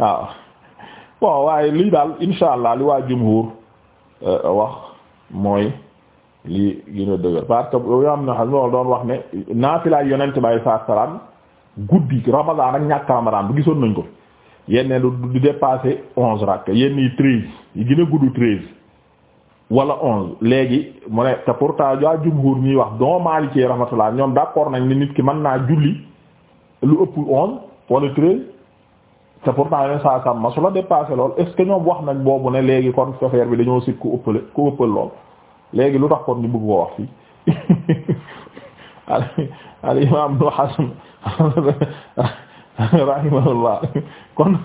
waaw ah. bon waaye lii daal insha allah li waa jumhur euh, wax mooy lii gën dëgër parce que yooyu am na xam ne doon wax ne naafilaay yonent bi alayhi salaatu guddi ramadan ak ñàkk ramadan bu gisoon nañ ko yenn du dépasser onze rakk yenn yi treize yi gën a gudd treize wala onze léegi mu ne te pourtant jumhur ñuy wax don Maliki rahmatullah ñoom d'accord nañ ne nit ki man naa julli lu ëpp onze wala treize te pourtant yeneen saa sàmm su la dépassé lool est ce que ñoom wax nañ boobu ne léegi kon chauffeur bi dañoo sit ku ëppale ku ëppal lool léegi lu tax kon ñu bëgg ko wax fii al imam Ibn Hazm rahimahullah kon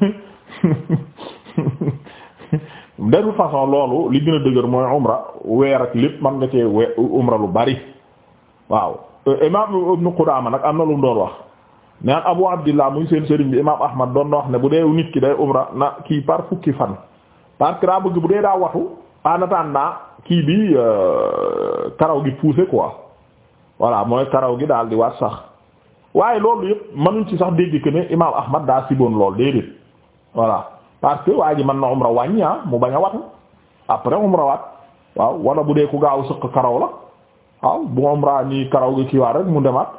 de toute façon loolu li gën a dëgër mooy umra weer ak lépp man nga cee we umra lu bari waaw imam Ibn Qudama nag am na lu mu doon wax naan abu abdillah muy seen sëriñ bi imam ahmad doon na wax ne bu dee nit ki day umra na kii par fukki fan parce que daa bëgg bu dee daa watu en attendant kii bi euh, karaw gi poussé quoi voilà mooy karaw gi daal di waat sax waaye loolu yëpp mënuñ ci sax dégg que ne imam ahmad daa siboon lool déedéet voilà parce que waa ji mën na umra wàññi ah mu bañ a watu après umra waat waaw wala bu dee ku gaaw sëq karaw la waaw bu umra nii karaw gi ci waat mu demaat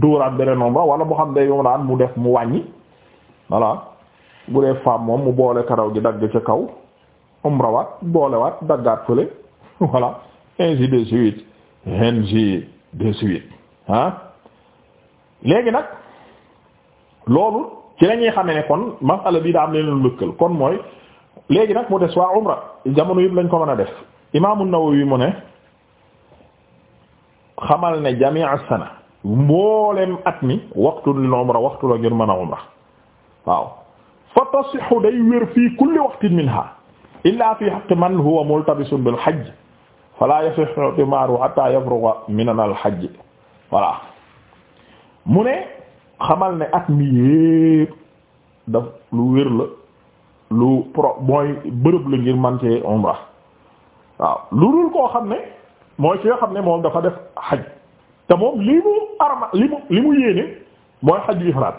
dóoraat beneen omra wala mu xam day omraan mu def mu wàññi voilà bu dee femme moom mu boole karaw gi dagg ca kaw omrawaat boolewaat daggaat fële voilà ainsi de suite ainsi léegi nag loolu ci la ñuy xamee ne kon masala bi daa am leen lëkkal kon mooy léegi nag mu des waa umra jamono yëpp lañ ko mën a def imaamu Nawawi mu ne xamal ne jami'a sana mboolem at mi waxtu lil umra waxtu la ngir mën a umra waaw fa tasixu day wér fii kulli waqtin minha illa fi haqqi man huwa multabisun bil hajj fala yasixu timaaru hatta yafruga minan al hajj voilà mu ne xamal ne at mi yépp daf lu wér la lu pro mooy bërëb la ngir man ci umra waaw lu dul koo xam ne mooy ci nga xam ne moom dafa def hajj te moom li mu arma li mu li mu yéene mooy xajul ifraat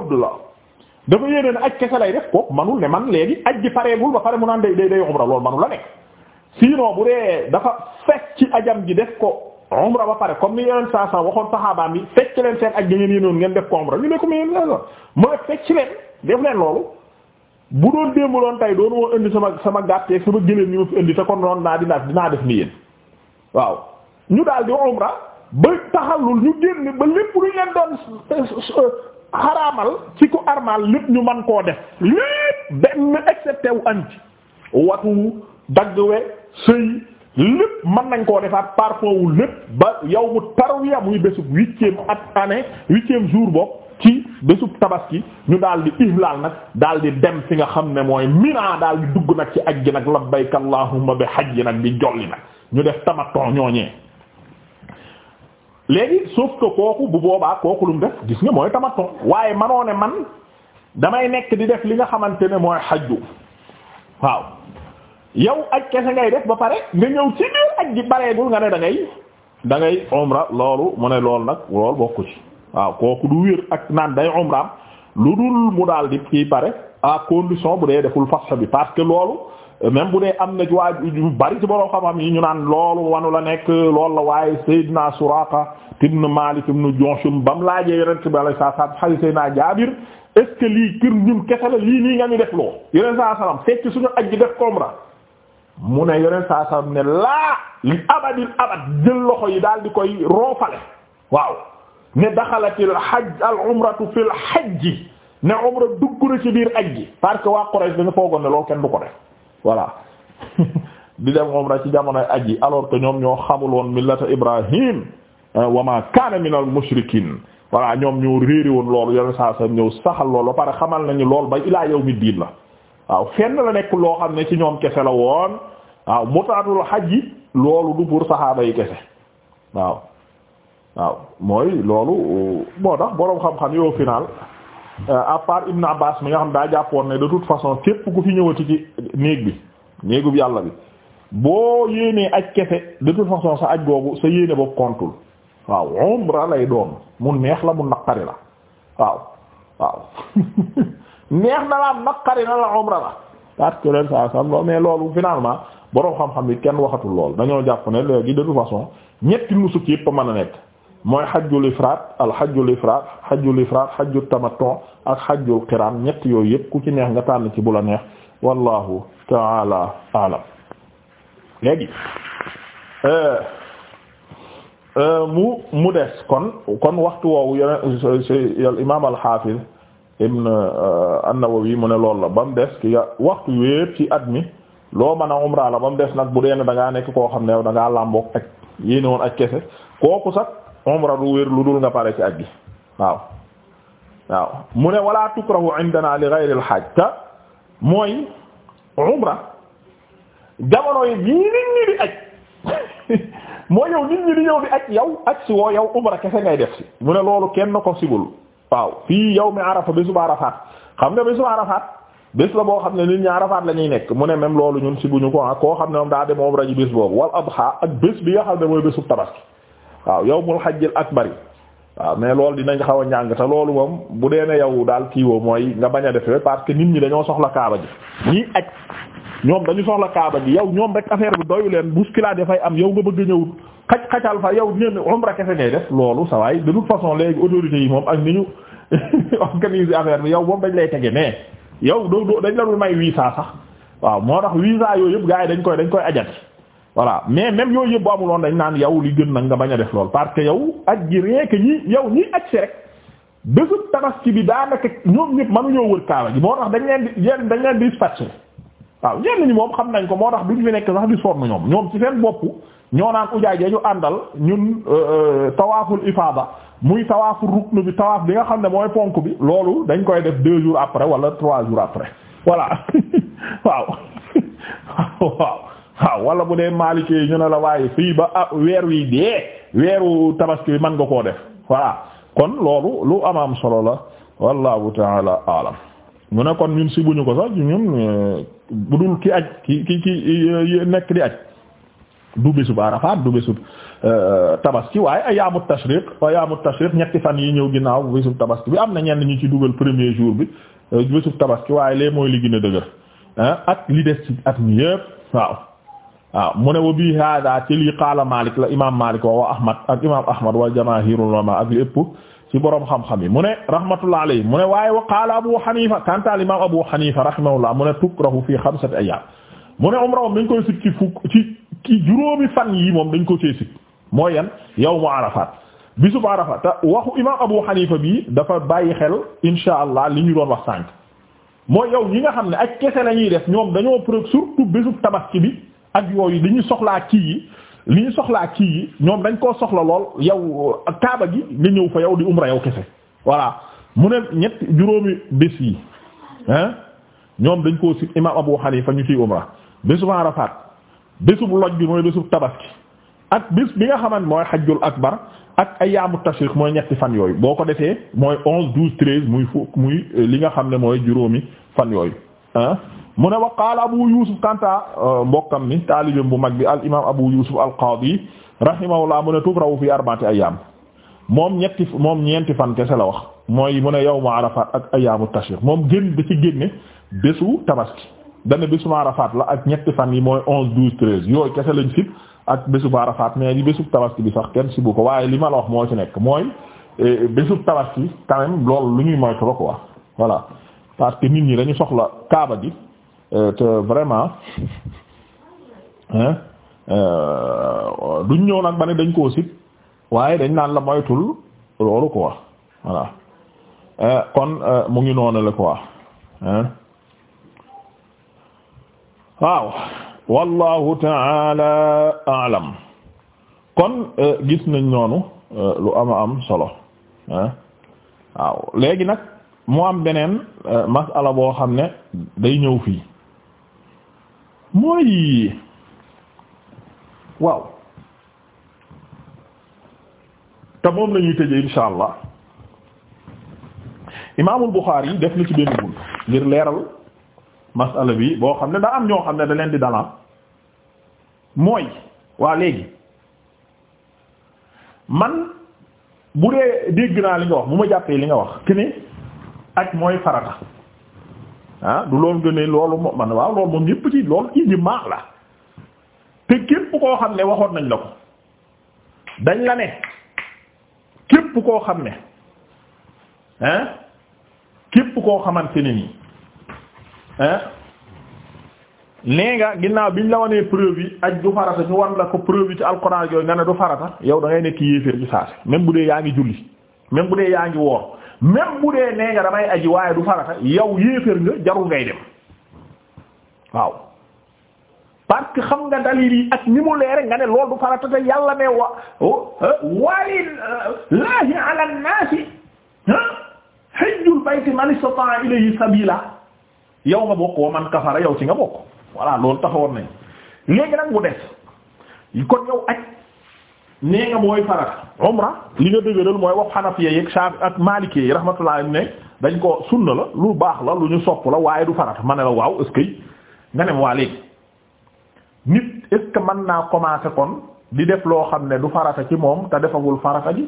Abdullah dafa yéene ne aj kese lay def kooku manul ne man léegi aj paree pareegul ba pare mu naan day day day umra loolu manul la nekk sinon bu dee dafa fekk ci ajam ji def ko umra ba pare comme ni yeneen saa waxoon saxaabaam yi fekk leen seen aj ngeen yéenoon ngeen def ko umra ñu ne ko mais mu ne fekk leen def leen loolu bu doon démb doon tey doon moo indi sama sama gàtteeg sama gëléem ñu ma fi indi te ko noonu naa dinaa dinaa def ni yéen waaw ñu daal di umra ba taxalul ñu génn ba lépp lu leen doon xaraamal ci ku armal lépp ñu man koo def lépp benn excepté wu am ci watu daggwe sëy lépp mën nañ koo defaat parfois wu lépp ba yow mu tarwiya muy bésub huitième at année huitième jour boobu ci bésub tabaski ñu daal di ihlal nag daal di dem fi nga xam ne mooy mina daal di dugg nag ci ajj nag labbayk allahumma bi hajj nag di jolli nag ñu def tamattu ñooñee léegi sauf kooku bu boobaa kooku lu mu def gis nga mooy tamaton waaye manoo ne man damay nekk di def li nga xamante ne mooy xajju waaw yow ak kese ngay def ba pare nga ñëw ci biir aj gi bareegul nga ne dangay ngay da ngay umra loolu mu ne loolu nag loolu bokku ci waaw kooku du wér ak naan day umraam lu dul mu daal di kii pare à condition bu dee deful fasxa bi parce que loolu même bu dee am na ci waa yu bari ci borom xam yi ñu naan loolu wanu la nekk lool la waaye Seydina Suraqa ibn Malik ibn Junshum ba mu laajee Yonent bi alayhi salaam xëy Seydina Jaabir est-ce que lii kër ñun kese la lii nii nga ñu def loo Yonent saa salaam fekk suñu aji def umra mu ne Yonent saa salaam ne laa li abadil abad jël loxo yi daal di koy roofale waaw ne daxalatil hajj al umratu fil hajji ne umra dugg na ci biir aji parce que waa Quraysh dañu foogoon ne loolu kenn du ko def. voilà di dem umra ci jamonoy aji alors que ñoom ñoo xamul woon millata Ibrahim wa ma kaana minal mushrikiin voilà ñoom ñoo réeri woon loolu yeneen saa sa ñëw saxal loolu pare xamal nañu lool ba ilaa yawmi diin la waaw fenn la nekk loo xam ne ci ñoom kese la woon waaw mutaatul hajj loolu du pour saxaaba yi kese waaw waaw mooy loolu moo tax boroom xam-xam yoo final Euh, à part Ibn Abbas mi nga xam daa jàppoon ne de toute façon képp ku fi ñëwati ci néeg bi néegub yàlla bi boo yéenee aj kese de toute façon sa aj googu sa yéene boobu kontul waaw umra lay doom mu neex la mu naqari la waaw waaw neex na la naqari na la umra la parce que leen saa sam mais loolu finalement boroom xam-xam yi kenn waxatul lool dañoo jàpp ne léegi de toute façon ñetti nusuk yëpp a mën a nekk mooy xajjul ifraat al xajjul ifraat xajjul ifraat xajjul ak xajjul qiraan ñett yooyu yëpp ku ci neex nga tànn ci bu la neex wallahu taala alam léegi euh, euh, mu mu des kon kon waxtu woowu yeneen al imaam euh, mu ne loolu la ba mu des ki nga waxtu yëpp ci at mi loo mën a umra la ba mu des nag bu dee ne da nekk koo xam ne da ngaa làmboog ak yéene ak kese kooku sax. umra du wér lu dul ci aj gi waaw mu ne wala tukrahu indana li ghayri al-hajj te mooy umra jamono yi bii nit ñi di aj moo yow nit ñi di ñëw di ak yow ak si woo yow umra kese ngay def si mu ne loolu kenn ko sibul waaw fii yawmi arafa bésu arafaat xam nga bésu arafaat bés la boo xam ne nit ñi arafaat la ñuy nekk mu ne même loolu ñun sibuñu ko ah koo xam ne moom daa dem umra ji boobu wal adha ak bés bi nga xam ne mooy bésu tabaski waaw yawmul hajjil ak yi waaw mais loolu dinañ xaw a ñàng te loolu moom bu dee ne yow daal kiiwoo mooy nga bañ a defee parce que nit ñi dañoo soxla kaaba ji ñii aj ñoom dañu soxla kaaba ji yow ñoom rek affaire bi doyu leen bousculade dafay am yow nga bëgg ñëw xaj xacal fa yow ñenn umra kese ngay def loolu sa waay de toute façon léegi autorités yi moom ak ni ñu organiser affaire bi yow moom dañ lay tege mais yow doo doo dañ la dul may visa sax waaw moo tax visa yooyu yëpp gars yi dañ koy dañ koy ajati voilà mais même yooyu yëpp amuloon dañ naan yow li gën nag nga bañ a def lool parce que yow ak ji rien ñi yow ñi aj si rek bésu tabaski bi daanaka ñoom ñëpp mënuñoo wër kaaba gi moo tax dañ leen di yéen dañ leen di dispatché waaw ñenn ñi moom xam nañ ko moo tax duñ fi nekk sax di na ñoom ñoom ci seen bopp ñoo naan ujaay ja ñu àndal ñun euh, tawaaful ifaada muy tawaaful rukn bi tawaaf bi nga xam ne mooy ponk bi loolu dañ koy def deux jours après wala trois jours après voilà waaw wala bu dee maalikee yi ñu ne la waaye fii ba ah weer wi dee weeru tabaski bi mën nga koo def voilà kon loolu lu amaam solo la wallahu taala alam mu ne kon ñun si buñu ko sax ñun eh, bu dul ki aj ki ki ki eh, nekk di aj du bésub Arafat du bésub eh, tabaski waaye ayaamu tashriq ayaamu tashriq ñetti fan yi ñëw ginnaaw bésub tabaski bi am na ñenn ñu ci dugal premier jour bi bésub tabaski waaye lee mooy li gën a dëgër ak li des ci at mi yépp waaw waaw ah, mu ne wa bii hada ci lii qaala Malik la imaam Malik wa Ahmad ak imaam Ahmad wal jamaahirul ulama boroom xam yi mu ne rahmatullah alayhi mu ne waaye wa qaala Abu Hanifa kanta imaam Abu Hanifa rahimahullah mu ne tukrahu fi xamsati ayyaam mu ne umra moom dañ koy sikk ci fukk ci ci juróomi fan yi moom dañ ko cee sikk mooy yan mu Arafat bisub Arafat te waxu imaam Abu Hanifa bi dafa bàyyi xel insha allah li ñu doon wax sànq mooy yow ñi nga xam ne ak kese la ñuy def ñoom dañoo preuve bi. ak yooyu li ñu ak kii yi li ñu ak kii yi ñoom dañ koo soxla lool yow kaaba gi nga ñëw fa yow di umra yow kese voilà mu ne ñett juróomi bis yi ñoom dañ koo sit imam Abu Hanifa ñu ciy umra bésub Arafat bésub loj bi mooy bésub tabaski ak bés bi nga xaman mooy xajjul akbar ak ay ayaamu tashriq mooy ñetti fan yooyu boo ko defee mooy onze douze treize muy fukk muy li nga xam ne mooy juróomi fan yooyu mu ne wa qaala abu yusuf kanta euh, mbokkam ni taalibim bu mag bi al imam abu yusuf al qaadi rahimahullah mu ne tubrawu fi arba'ati ayyam moom ñetti moom ñeenti fan kese la wax mooy mu ne yawmu arafat ak ayyamu tashriq moom gën ci génne bésu tabaski dana bésu arafat la ak ñetti fan yi mooy onze douze lañ sib ak bésu arafat mais li bésu tabaski bi sax kenn sibu ko waaye li la wax moo ci nekk mooy euh, bésu tabaski quand même loolu lu ñuy moytu la quoi voilà parce nit ñi dañu soxla kaaba gi Euh, te vraiment euh, duñ ñëw nag ba ne dañ koo sib waaye dañ naan la moytul loolu quoi voilà euh, kon mu ngi noonu la quoi waaw wallahu taala alam kon gis nañ noonu lu ama am solo waaw léegi nag moo am beneen masala boo xam ne day ñëw fii mooy waaw te moom la ñuy tëjee insha allah imaamul Buxaari yi def na ci benn bunt ngir leeral masala bi boo xam ne daa am ñoo xam ne da leen di dalaan mooy waa léegi man bu dee dégg naa li nga wax bu ma jàppee li nga wax ki ak mooy farata ah du loolu gënee loolu moom man waaw loolu moom ñépp ci loolu maax la te képp koo xam ne waxoon nañ la ko dañ la ne képp koo xam ne ah koo xamante ne nii ah nee nga ginnaaw biñ la wanee preuve yi ak du farata ñu wan la ko preuve yi ci alxuraan yooyu nga ne du farata yow da ngay nekk yéeféer ci saase même bu dee yaa ngi julli même bu dee yaa ngi woor même bu dee nee nga damay aji waaye du farata yow yéeféer nga jarul ngay dem waaw parce xam nga dalil yi ak ni mu leere nga ne lool du farata te yàlla ne wa walillahi ala nnaasi hajjul bayti man istata'a ilayhi sabila yow nga bokk wa man kafara yow ci nga bokk voilà loolu taxawoon nañ léegi nag mu des kon yow aj nee nga mooy farata umra li nga dëgëral mooy wax xanafiya yeeg Shaafi ak Maliki yi rahmatullah ne dañ ko sunna la lu baax la lu ñu sopp la waaye du farata ma ne la waaw est-ce que nga ne waa léegi nit est-ce naa commencer kon di def loo xam ne du farata ci moom te defagul farata ji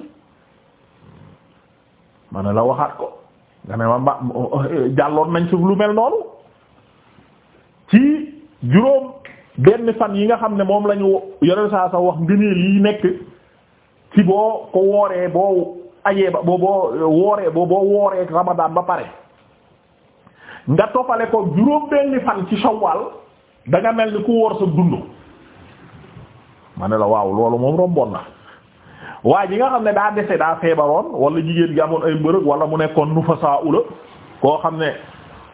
ma ne la waxaat ko nga ne ma mba eh, jàlloon nañ ci lu mel noonu ci juróom benn fan yi nga xam ne moom lañu ñu yore saa sax wax ngëneel yi nekk ci boo ko wooree boo ajee ba boo boo wooree boo boo ramadaan ba pare nga toppale ko juróom benni fan ci shawwal da nga mel ni ku woor sa dund ma ne la waaw loolu moom romboon na waaye ji nga xam ne daa dese daa feebaroon wala jigéen gi amoon ay mbërëg wala mu nekkoon nufasaa ula koo xam ne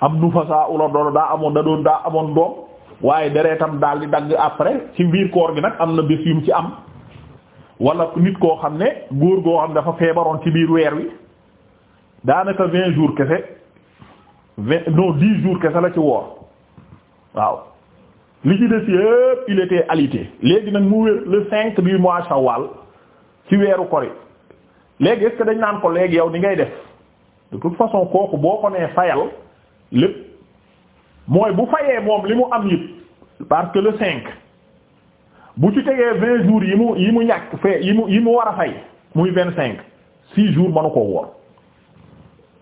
am nufasaa ula doon daa amoon da doon daa amoon doom waaye deretam daal di dagg après ci biir koor gi nag am na bés yum ci am walla nit koo xam ne góor goo xam dafa feebaroon ci biir weer wi daanaka vingt jour kese vingt non dix jours kese la ci woor waaw li ci des yëpp il était alité léegi nag mu wér le cinq du mois Shawwal ci weeru ko kori léegi est dañ naan ko léegi yow ni ngay def de toute façon kooku boo ko nee fayal lépp mooy bu fayee moom li mu am yëpp parce que le cinq bu ci tegee vingt jour yi mu yi mu ñàkk fee yi mu yi mu war a fay muy vingt cinq six jours manu koo woor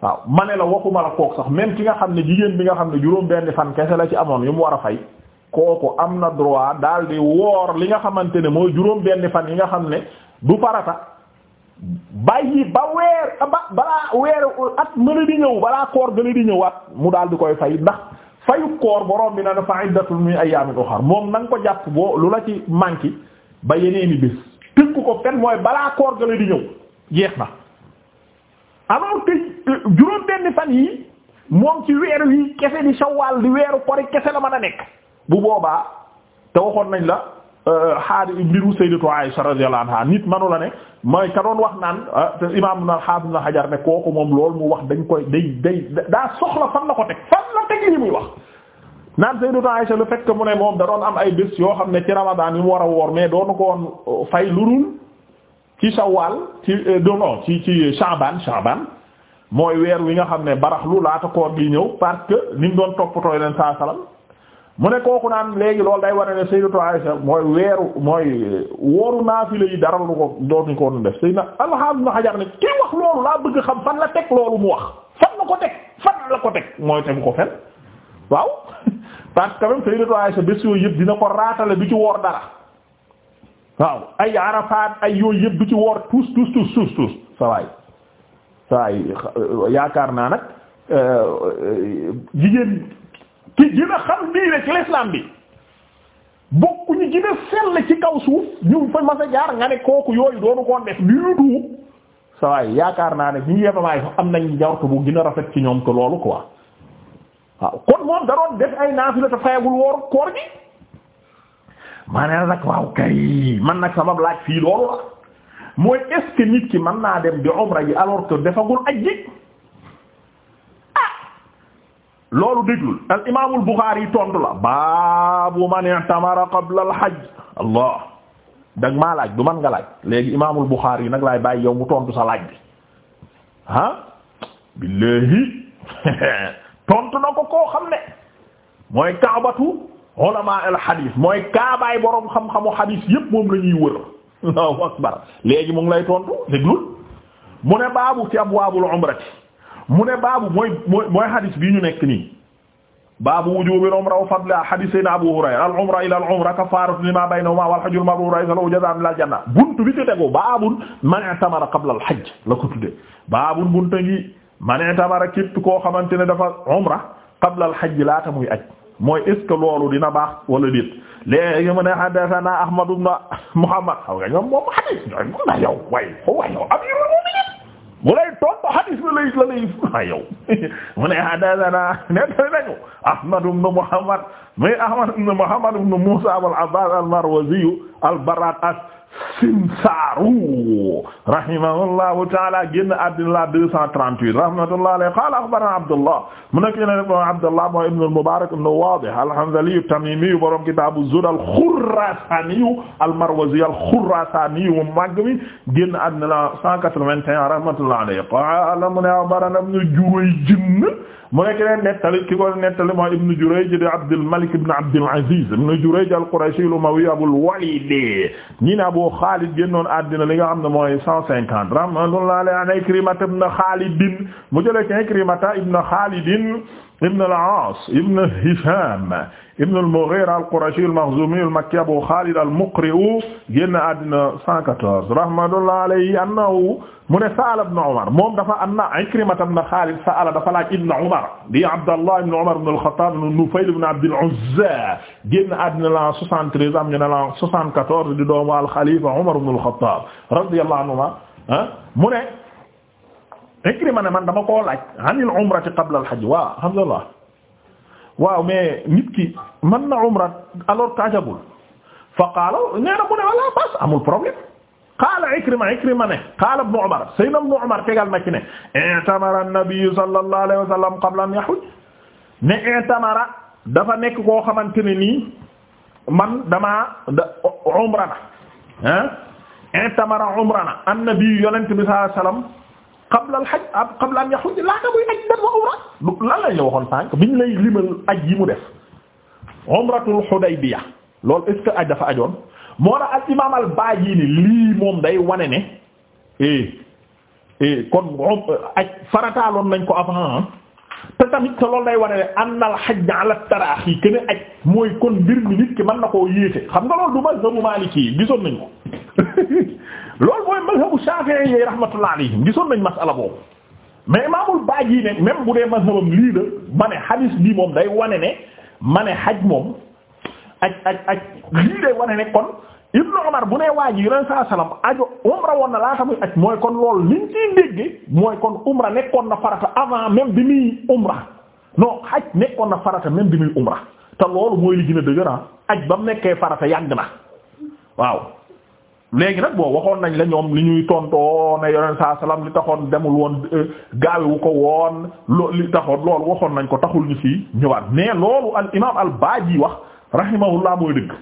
waaw ma ne la waxuma la kook sax même ki nga xam ne jigéen bi nga xam ne juróom benn fan kese la ci amoon yu mu war a kooku am na droit daal di woor li nga xamante ne mooy juróom fan yi nga xam ne du farata bàyyi ba weer ba balaa weer at mën di ñëw balaa koor gën a di ñëwaat mu daal di koy fay ndax fayu koor borom bi na dafa iddatun min ayyamin ukhar moom na ko jàpp boo lu la ci manqué ba yeneeni bés tënk ko fen mooy balaa koor gala di ñëw jeex na alors que euh, juróom benn fan yi moom ci weeru yi kese di shawwal di weeru kori kese la mën a nekk bu boobaa te waxoon nañ la euh, xaadi mbiru sayyidatu Aisha radiyallahu anha nit manu la ne mooy ka doon wax naan ah, te imam na xaafis na xajar ne kooku moom loolu mu wax dañ koy day day daa soxla fan la ko teg teg li muy wax naan Sayyidatu Aisha le fait que mu ne moom da doon am ay bés yoo xam ne ci Ramadan yi mu war a woor mais doonu ko woon euh, fay lu dul ci Shawwal ci euh, non ci ci Sha'ban Sha'ban mooy weer wi nga xam ne baraxlu laata koor gi ñëw parce que ni mu doon toppatoo leen saa salaam mu ne kooku naan léegi loolu day wane ne Sayyidatu Aisha mooy weeru mooy euh, wooru naafila yi dara lu ko dootuñu ko woon def Sayyidina Ibn Hajar ne kii wax loolu laa bëgg xam fan la teg loolu mu la ko teg. fan la ko teg mooy tegu ko fen waaw parce que même Sayyidatu Aisha bés yooyu yëpp dina ko raatale du ci woor dara waaw ay Arafat ay yooyu yëpp du ci woor tous tous tous tous tous sa waay sa waay yaakaar naa nag euh, jigéen ki gën a xam nii rek l'islam bi bokk ñu gën sell ci kaw suuf ñu fa mas nga ne kooku yooyu doonu koon def du ñu sawaay yaakaar naa ne ñi yebamaay sax am nañ njort bu gën a rafet ci ñoom que loolu ko waaw kon moom da doon def ay naafila fayagul wooru koor gi maa ne waaw kay man nag sabab laaj fii loolu la mooy est-ce que ki mën naa dem di umra ji defagul aj ji ah loolu déglul al imaamul Buxaari tontu la baabu man i'tamara qabla al allah dag maa laaj du man nga laaj léegi imaamul Buxaari yi nag laay bàyyi yow mu tontu sa laaj bi ah billahi tontu na ko koo xam ne mooy kaabatu ulama mooy kaabaay boroom xam-xamu hadith yépp moom la ñuy wër Allahu akbar léegi mu ngi lay tontu déglul mu ne baabu ci abwaabul umrati mu ne baabu mooy mooy mooy hadith bii ñu nekk nii baabu wujubil umra wa fadliha hadith sayna Abu Hurayra al umra ila al umra kafaratun lima baynahuma wal hajjul mabrur lahu jazaa'un minal janna buntu bi ci tegu baabun man i'tamara qabla al hajj la ko tuddee baabun buntu ngi man i'tamara képp koo xamante ne dafa umra qabla al hajj laata muy aj mooy est ce que loolu dina baax wala déet léegi mu ne haddathana Ahmad ibn Muhammad xam nga ñoom moom hadith ñoom yow way yow mu lay tontu hadis la lay la lay ah yow mu ne hadathana nett nañu Ahmad ibn Muhammad muy Ahmad ibn Muhammad ibn Musa Abul Abbas al-Marwazi al-Barrat Simsaaru rahimahullahu ta'ala génn àddina la 238 rahmatullahi alayhi qaala akhbarana Abdullah mu nekk yéen a nekk Abdullah mooy ibn al-Mubarak ibn Wadih al-Hanzali at-Tamimi borom kitaabu Zuhd al-Khurasani al-Marwazi al-Khurasani mu mag mi génn àddina la 181 rahmatullahi alayhi qaala mu ne akhbarana ibn Jurayj mu nekk leen nettali ki ko nettali mooy Ibn Jurayj di Abdul Malik ibn Abdul Aziz ibn Jurayj al-Qurashi al-Umawi Abul Walid Abu Xaalid génnoon àddina li nga xam ne mooy cent cinquante rahmatullahi alayhi an Ikrimata ibn Xaalid mu jëlee ci Ikrimata ibn Xaalid ibn al-Aas ibn Hisham ibn al-Mughira al-Qurashi al-Makhzumi al-Makki Abu Khalid al-Muqri génn àddina 114 rahmatullah alayhi annahu mu ne sa'ala ibn Umar moom dafa anna Ikrima ibn Khalid sa'ala dafa laaj ibn Umar di Abdallah ibn Umar ibn al-Khattab ibn Nufayl ibn Abd al-Uzza génn àddina la 73 am ñu ne la 74 di doomu al-Khalifa Umar ibn al-Khattab radiyallahu anhu ah, mu ne Ikrima ne man dama koo laaj anil umrati qabla al hajj waaw alhamdulillah waaw mais nit ki mën na umra alors tajabul fa qaala nee na mu ne wala bas amul problème qaala Ikrima Ikrima ne qaala ibn Umar sayyidna ibn Umar tegal na ci ne i'tamara an-nabiy sallallahu alayhi wa sallam qabla an yahujj ne i'tamara dafa nekk koo xamante ne nii man damaa da umra na ah i'tamara umra na an-nabiy yonent bi sallallahu alayhi wa sallam qabla al hajj qabla an yahujj laata la waxoon sànq biñ lay limal aj yi mu def umratul Hudaybiya loolu est ce que aj dafa ajoon moo lii moom day wane ne eh eh kon um, aj farataaloon nañ ko avant ah. te tamit loolu day wane ne anna al hajj ala taraaxi kenn aj mooy kon mbir mi nit ki man na koo yéete xam nga loolu du ma zëbu Maliki gisoon nañ ko. lool mooy mazhabu Shafi'i yi rahmatullah gisoon nañ masala boobu mais imaamul Baaji ne même bu dee mazhabam lii da ma ne hadis bi moom day wane ne ma ne xaj moom aj aj aj lii day wane ne kon Ibn bu nee waa ji yoneen ajo umra na laata muy aj mooy kon loolu mooy kon umra nekkoon na farata avant même bi muy umra non xaj nekkoon na farata même bi muy te loolu mooy li gën a ah, aj ba mu nekkee farata yàgg na waaw. léegi nag boo waxoon nañ la ñoom li ñuy tontoo ne yoneen saa salaam li taxoon demul woon euh, gaawewu ko woon loo li taxoon loolu waxoon nañ ko taxul ñu ci ñëwaat mais loolu al imaam al yi wax rahimahullah mooy dëgg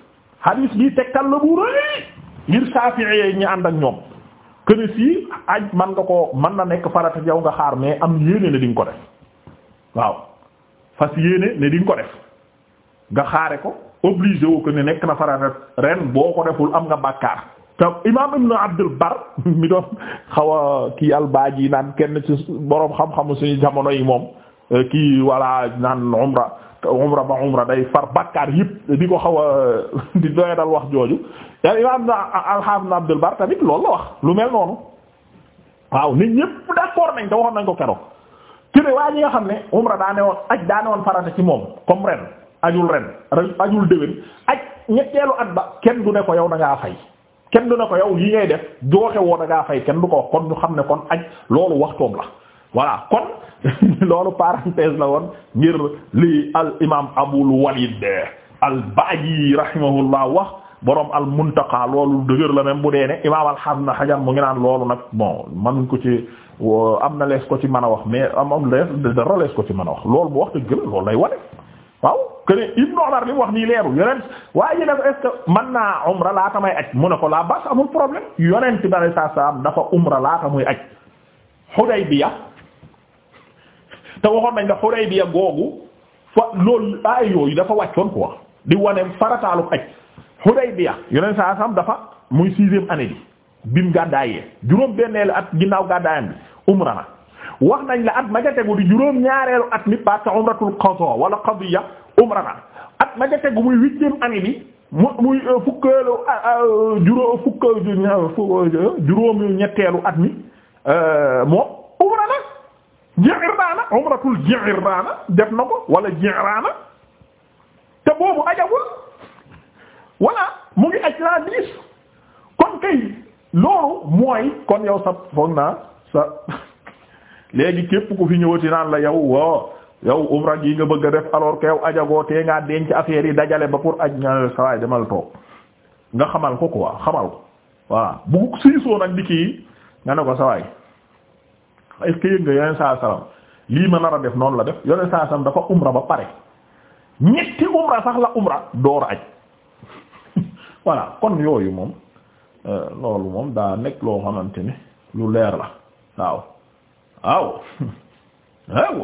hadis bi tegtal la bu rëy ngir Shafi'i ñi ànd ak ñoom këne si aj man nga ko mën na nekk farata yow nga xaar mais am yéene ne di nga ko def waaw fas yéene ne di ko def nga xaare ko obligé wu ko ne nekk na farata ren boo ko deful am nga bàkkaar te imaam ibn abdul bar mi doon xaw a kii albaaji yi naan kenn ci boroom xam-xamu suñu jamono yi moom eh, kii walla naan umra umra ba umra day far bakkaar yëpp di ko xaw a di doya wax jooju yàlla imaam alxaafis abdul bar tamit loolu la wax lu mel noonu waaw nit ñëpp d'accord nañ te waxoon nañ ko keroog ki ne waa ñi nga xam ne umra daa ne woon aj daa ne woon farata ci moom comme ren ajul ren ajul déwén aj ñetteelu at ba kenn du ne ko yow da fay kenn du na ko yow yi ngay def jooxe woo a ngaa fay kenn du ko wax kon ñu xam ne kon aj loolu waxtoom la voilà kon loolu parenthèse la woon ngir li al imam abul walid al baaji rahimahullah wax borom al muntaqa loolu dëgër la même bu dee ne imaam al na xajar mu ngi naan loolu nag bon mënuñ ko ci am na lees ko ci mën a wax mais am am lees dara lees ko ci mën a wax lool bu wax dëgg la loolu lay wane waaw que ne Ibnu Umar li wax nii leeru yonent waaye ji ne ko est umra laata may aj mu ko laa bas amul problème yonent bi sallallahu dafa umra laata muy te waxoon nañ la Hudaybiya googu fa loolu ay yooyu dafa wàccoon quoi di wane farataalu aj Hudaybiya yonent bi sallallahu alayhi wasallam dafa muy sixième année bi bim gàddaayee juróom benneelu at ginnaaw gàddaayam bi umra na wax nañ la at ma ca tegu di juróom ñaareelu at mi parce que umratul qada wala qadiya umra na at ma ca muy huitième année bi mu muy euh, fukkeelu euh, euh, juróom fukk juróom ñetteelu at mi moom umra na ji'rana umratul ji'rana def na ko wala ji'rana te boobu ajagul voilà mu ngi aj la dix kon kay loolu mooy kon yow sa foog naa léegi képp ku fi ñëwati naan la yow wo yow umra gi nga bëgg a def alors que yow ajagoo te ngaa denc affaire yi dajale ba pour aj ñaareel sa waay demal toog nga xamal ko quoi xamal ko waa bu siisoo nag di kii nga ne ko sa waay est-ce que yëg nga yoneen saa salaam lii ma nar a def noonu la def yoneen saa salaam dafa umra ba pare ñetti umra sax la umra door aj voilà kon yooyu moom euh, loolu moom daa nekk loo xamante ni lu leer la waaw. waaw waaw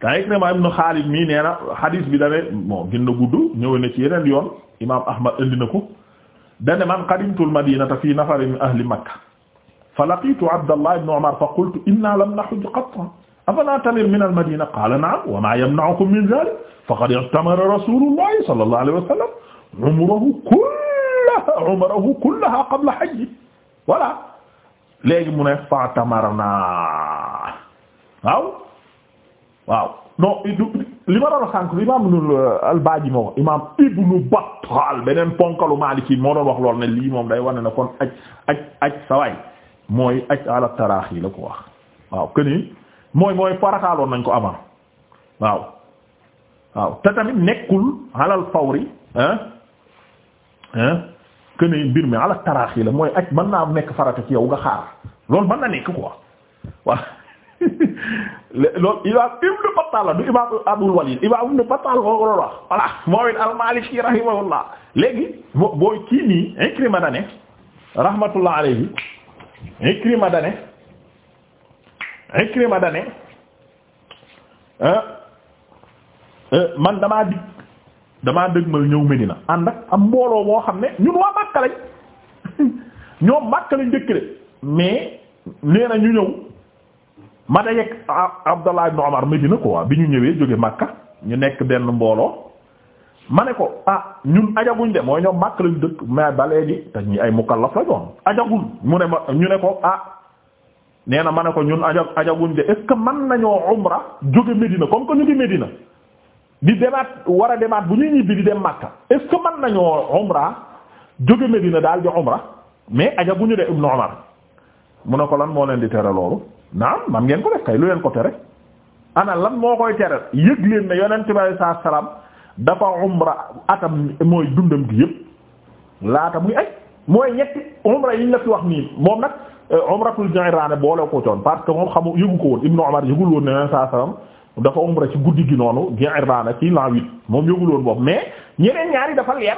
ta Ikrima ibn Xaalid mii nee na hadith bi dane bon gën na gudd ñëw na ci yeneen yoon imaam Ahmad indi na ko dane man qadimtul madinata fi nafarin min ahli Makka fa laqitu Abdallah ibn Umar fa qultu inna lam nahujj qattan afala tamir min al madina qaala na'am wa ma yamna'ukum min dhalik faqad i'tamara rasulullahi sallallahu alayhi wa sallam umrahu kullaha umrahu kullaha qabla hajji voilà léegi mu ne fa'tamarna waaw waaw non li ma doon sànk lu imaam ibnu al-Baaji moo imaam ibnu Battaal beneen ponkalu Maaliki moo doon wax lool ne lii moom day wane ne kon aj aj aj sawaay mooy aj ala taraax la ko wax waaw këni mooy mooy farataaloon nañ ko avant waaw waaw te tamit nekkul alal fawri hein hein këni mbir mi ala taraax yi la mooy aj mën naa nekk farata ci yow nga xaar loolu mën na nekk quoi waaw loolu imaam Ibn Battal la du imaam Abul Walid imaam Ibn Battal moo ko doon wax léegi bo kii nii Ikrima dane rahmatullah Ikrima dane Ikrima dane ah, ah, man damaa dig damaa dëgmal ñëw Medina ànd ak mbooloo moo xam ne ñun waa Makka lañ ñoom Makka lañ dëkk de mais nee na ñu ñëw ma dajeek Abdallah ibn Umar Medina quoi bi ñu ñëwee jóge Makka ñu nekk benn mbooloo ma ne ko ah ñun ajaguñ de mooy ñoom Makka lañ dëkk mais ba léegi te ñi ay mukallaf la ñoom mu ne ma ñu ne ko ah nee na ma ne ko ñun ajag ajaguñ de mën nañoo umra jóge Medina comme que ñu di Medina di demaat war a demaat bu ñuy ñibbi di dem Makka est-ce que mën nañoo umra jóge Medina daal di umra mais ajaguñu de Ibn Umar mu ne ko lan moo leen di tere loolu. naam man ngeen ko def kay lu leen ko tere ana lan moo koy tere yëg leen ne yonent bi alayhi salaatu dafa umra atam mooy dundam gi yëpp laata muy aj mooy ñetti umra yi ñu fi wax nii moom nag euh, umratul Ji'rana boole ko coon parce que moom xamu yëgu ko woon Ibnu Umar yëgul woon ne saa salaam dafa umra ci guddi gi noonu Ji'rana ci l'an huit moom yëgul woon boobu mais ñeneen ñaari dafa leer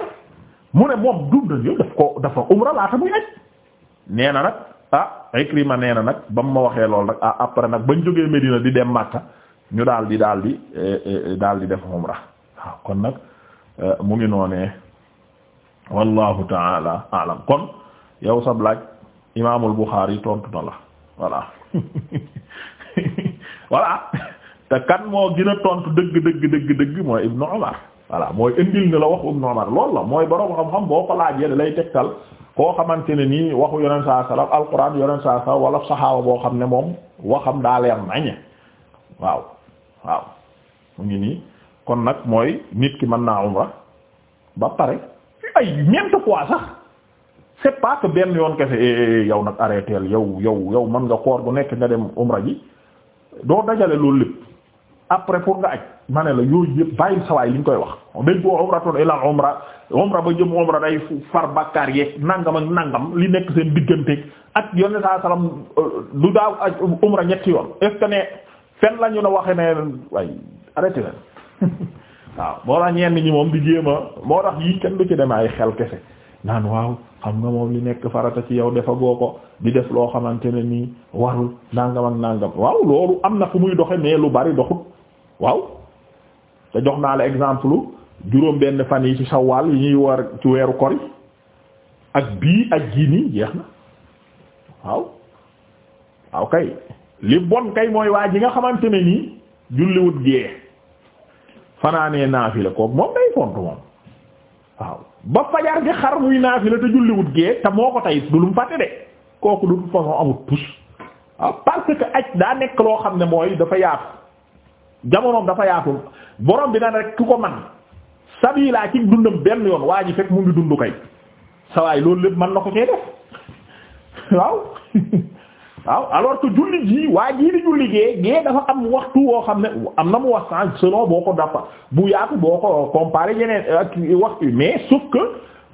mu ne moom dundam yëpp daf ko dafa umra laata muy nee na nag. ah Ikrima nee na nag ba mu ma waxee lool nag ah après nag bañ jógee Medina di dem Makka ñu daal di daal di eh, eh, daal di def umra waaw kon nag eh, mu ngi noonee wallahu taala alam kon yow sab laaj imaamul Buxaari tontu na la voilà voilà te kan moo gën tontu dëgg dëgg dëgg dëgg mooy Ibnu Umar voilà mooy indil na la wax Ibnu Umar loolu la mooy borom xam-xam boo ko laajee da lay tegtal. koo xamante ne nii waxu yonent saa sallam alquran yonent saa sallam wala saxaaba boo xam ne moom waxam daa leer naññe waaw waaw mu ngi nii kon nag mooy nit ki mën naa umra ba pare ay ñeent fois sax c'est pas benn yoon kese eh, eh, eh, yow nag arrêteel yow yow yow mën nga koor bu nekk nga dem umra ji doo dajale loolu lépp après pour nga ak ma la yooyu yëpp bàyyil sawaay li koy wax dañ ko umratun ila umra umra ba jëm umra day far bakkaar yeeg nangam ak nangam li nekk seen digganteeg ak yonne saa salaam euh, du daaw aj umra ñetti yoon est ce que ne fenn la ñu ne waxe ne way arrêté leen waaw moo tax ñenn di jéem a kenn du ci demee ay xel kese naan waaw xam nga moom li nekk farata ci yow dafa ko di def loo xamante ne nii warul nangam ak nangam waaw loolu am na fu muy doxe mais lu bari doxut waaw te jox naa la exemple juróom benn fan yi ci sawaal yi ñuy war ci weeru kori ak bii ak jii nii jeex na waaw waaw kay li bon kay mooy waa ji nga xamante ne nii julliwut gee fanaanee naafila kooku moom day font moom waaw ba fajar gi xar muy naafila te julliwut gee te moo ko tey du lu mu fàtte de kooku du façon amut tus waaw parce aj daa nekk loo xam ne mooy dafa yaatu jamonoom dafa yaatu borom bi na rek ku ko man sabiilaa ci dundam benn yoon waa ji fekk mu ngi dundu kay sawaay loolu lépp man na ko cee waaw waaw alors que julli ji waa jii di julli gee gee dafa am waxtu woo xam ne am na mu wax sens selon boo ko dafa bu yaatu boo ko comparé yeneen euh, wax waxtu mais sauf que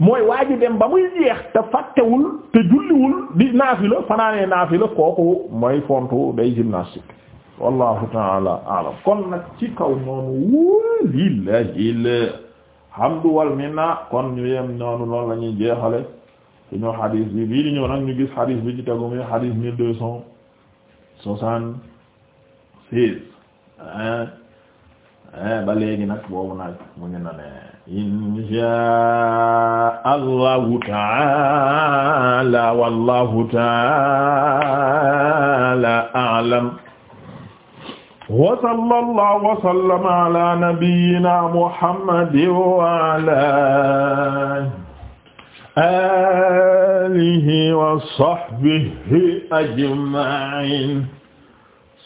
mooy waa ji dem ba muy jeex te fàttewul te julliwul di naafila fanaanee naafila kooku mooy fontu day gymnastique wallahu taala alam kon nag ci kaw noonu walillahil hamdu wal minna kon ñu yem noonu loolu la ñuy jeexale suñu xadis bi bii di ñëw nag gis xadis bi ci tegu muy xadis mille deux cent soixante seize ba léegi nag boobu nag mu ngi na ne insha allahu taala wallahu taala alam wa sallallahu wa sallama ala nabiyyina muhammadin wa ala alihi wa sahbihi ajma'in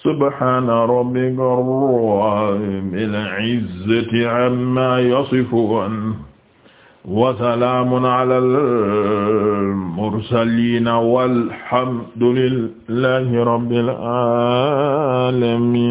subhana rabbika rabbil izzati amma yasifun wa salaamun alal mursaliina walhamdulillahi rabbil aalamiin